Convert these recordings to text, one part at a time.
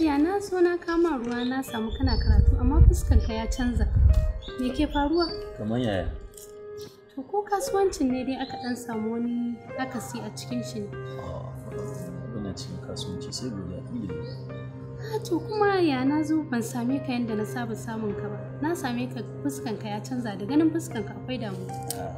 ya na so na kama ruwa na samu kana karatu amma fuskanka ya canza me ke faruwa kamar yaya to ko kasuwancin ne dai aka dan samu wani akasi a cikin shi ina cikin kasuwanci sai guda ilimi ah, to kuma ya na zo ban same ka yadda na saba samun ka ba na same ka fuskanka ya canza da ganin fuskanka akwai damuwa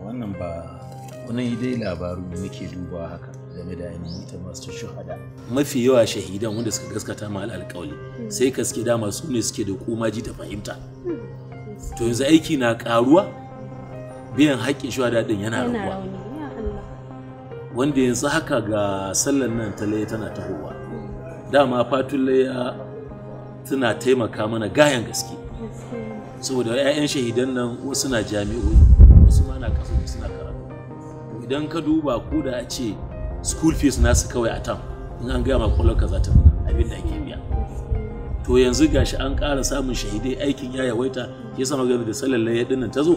wannan ba wani dai labaru muke dubawa haka game da ainihin ita masu shahada mafi yawa shahidan wanda suka gaskata ma alƙawali sai kaske dama su ne suke da komaji ta fahimta to yanzu aiki na karuwa biyan haƙƙin shahada din yana raguwa wanda yanzu haka ga sallan nan ta laye tana tahowa dama fatun laya tana taimaka mana gayan gaske saboda 'ya'yan shahidan nan wasu na jami'o'i wasu ma na kasu suna karatu idan ka duba ko da a ce school fees nasu kawai a tam in an gaya ma kwallon kaza ta abin da ake biya to yanzu gashi an ƙara samun shahidai aikin ya yawaita ya sama gani da sallar ya dinnan ta zo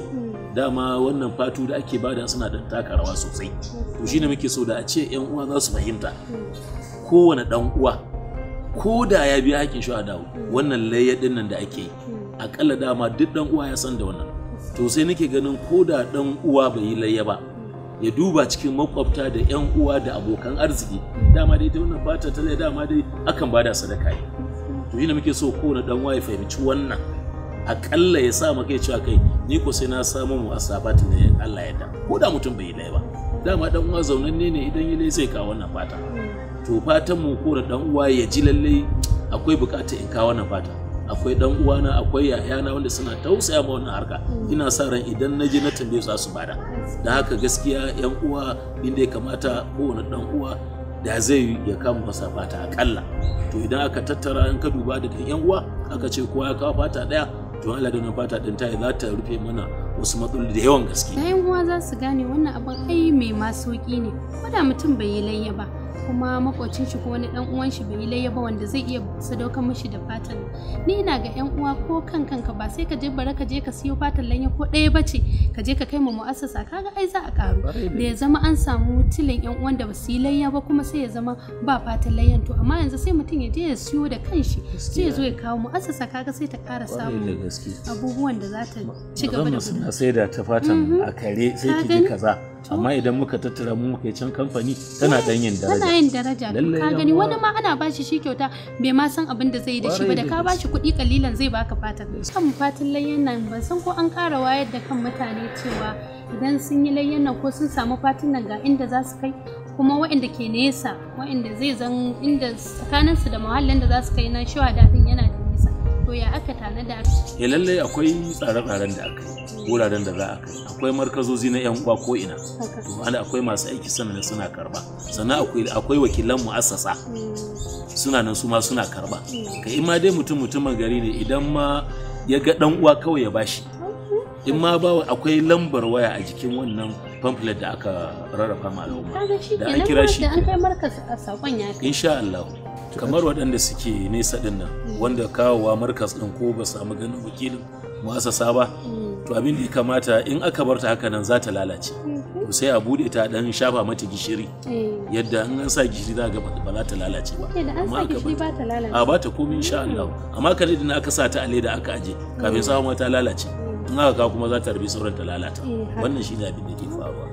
dama wannan fatu da ake bada suna da taka rawa sosai to shine muke so da a ce yan uwa za su fahimta kowane dan uwa ko da ya biya hakin shuhada wannan layya dinnan da ake yi akalla dama duk dan uwa ya san da wannan to sai nake ganin ko da ɗan uwa bai yi layya ba ya duba cikin makwabta da 'yan uwa da abokan arziki dama dai ta wannan bata ta dama dai akan bada sadaka ne to yi muke so kowane dan waye fahimci wannan akalla ya sa maka cewa kai ni ko sai na samu mu asabat ne Allah ya da ko da mutum bai yi ba dama dan uwa zaunanne ne idan yi zai ka wannan fata to fatan mu kowane dan uwa ya ji lallai. akwai bukata in kawo wannan fata akwai dan uwana akwai yayana wanda suna tausaya ma wannan harka mm. ina sa ran idan na je na tambaye za su bada da haka gaskiya yan uwa inda ya kamata kowane dan uwa da zai ya kama masa fata akalla to idan aka tattara in ka duba da yan uwa aka ce kowa ya kawo fata daya to Allah da fata din ta za ta rufe mana wasu matsaloli da yawan gaske yan uwa za su gane wannan abin ai mai masoki ne ko da mutum bai yi layya ba kuma makocin shi ko wani dan uwan shi bai yi layya ba wanda zai iya sadaukar mishi da fatan ni ina ga yan uwa ko kan kanka ba sai ka je bara ka je ka siyo fatan lanya ko ɗaya bace ka je ka kai mu mu'assasa kaga ai za a karu da ya zama an samu tilin yan uwan da ba su yi layya ba kuma sai ya zama ba fatan layyan to amma yanzu sai mutum ya je ya siyo da kanshi sai ya zo ya kawo mu'assasa kaga sai ta ƙara samu abubuwan da za ta ci gaba da suna sai da ta fatan mhm. a kare sai ki kaza amma idan muka tattara mu muka can kamfani tana dan yin daraja tana yin daraja ka gani wani ma ana bashi shi kyauta bai ma san abin da zai yi da shi ba da ka bashi kuɗi kalilan zai baka fata. kan fatan layyan nan ban san ko an kara wayar da kan mutane cewa idan sun yi layyan nan ko sun samu fatan nan ga inda za su kai kuma waɗanda ke nesa waɗanda zai zan inda tsakaninsu da muhallin da za su kai na shawa daɗin yana ya aka tanada ya eh, lallai akwai tsare-tsaren da aka yi wuraren da za a kai akwai markazozi na yan uwa ko ina ana akwai masu aiki sanana suna karba sannan akwai wakilan mu'assasa mm. suna nan su ma suna karba mm. ka in ma dai mutum mutumin gari ne idan ma ya ga dan uwa kawai ya bashi mm. in ma ba akwai lambar waya a jikin wannan pamphlet da aka rarrafa ma al'umma da an kira shi da an kai markas a sakon ya insha Allah kamar waɗanda suke nesa ɗin nan wanda kawowa markas ɗin ko ba samu ganin wakilin mu'asasa ba to abin da ya kamata in aka bar ta haka nan za ta lalace to sai a bude ta dan shafa mata gishiri yadda in an sa gishiri za ga ba za ta lalace ba eh, amma ka ba ta lalace a ba ta komai insha Allah amma kan idan aka sa ta a leda aka aje kafin sa ta lalace in aka kuma za ta rabe sauran ta lalata eh, wannan shine abin da ke faruwa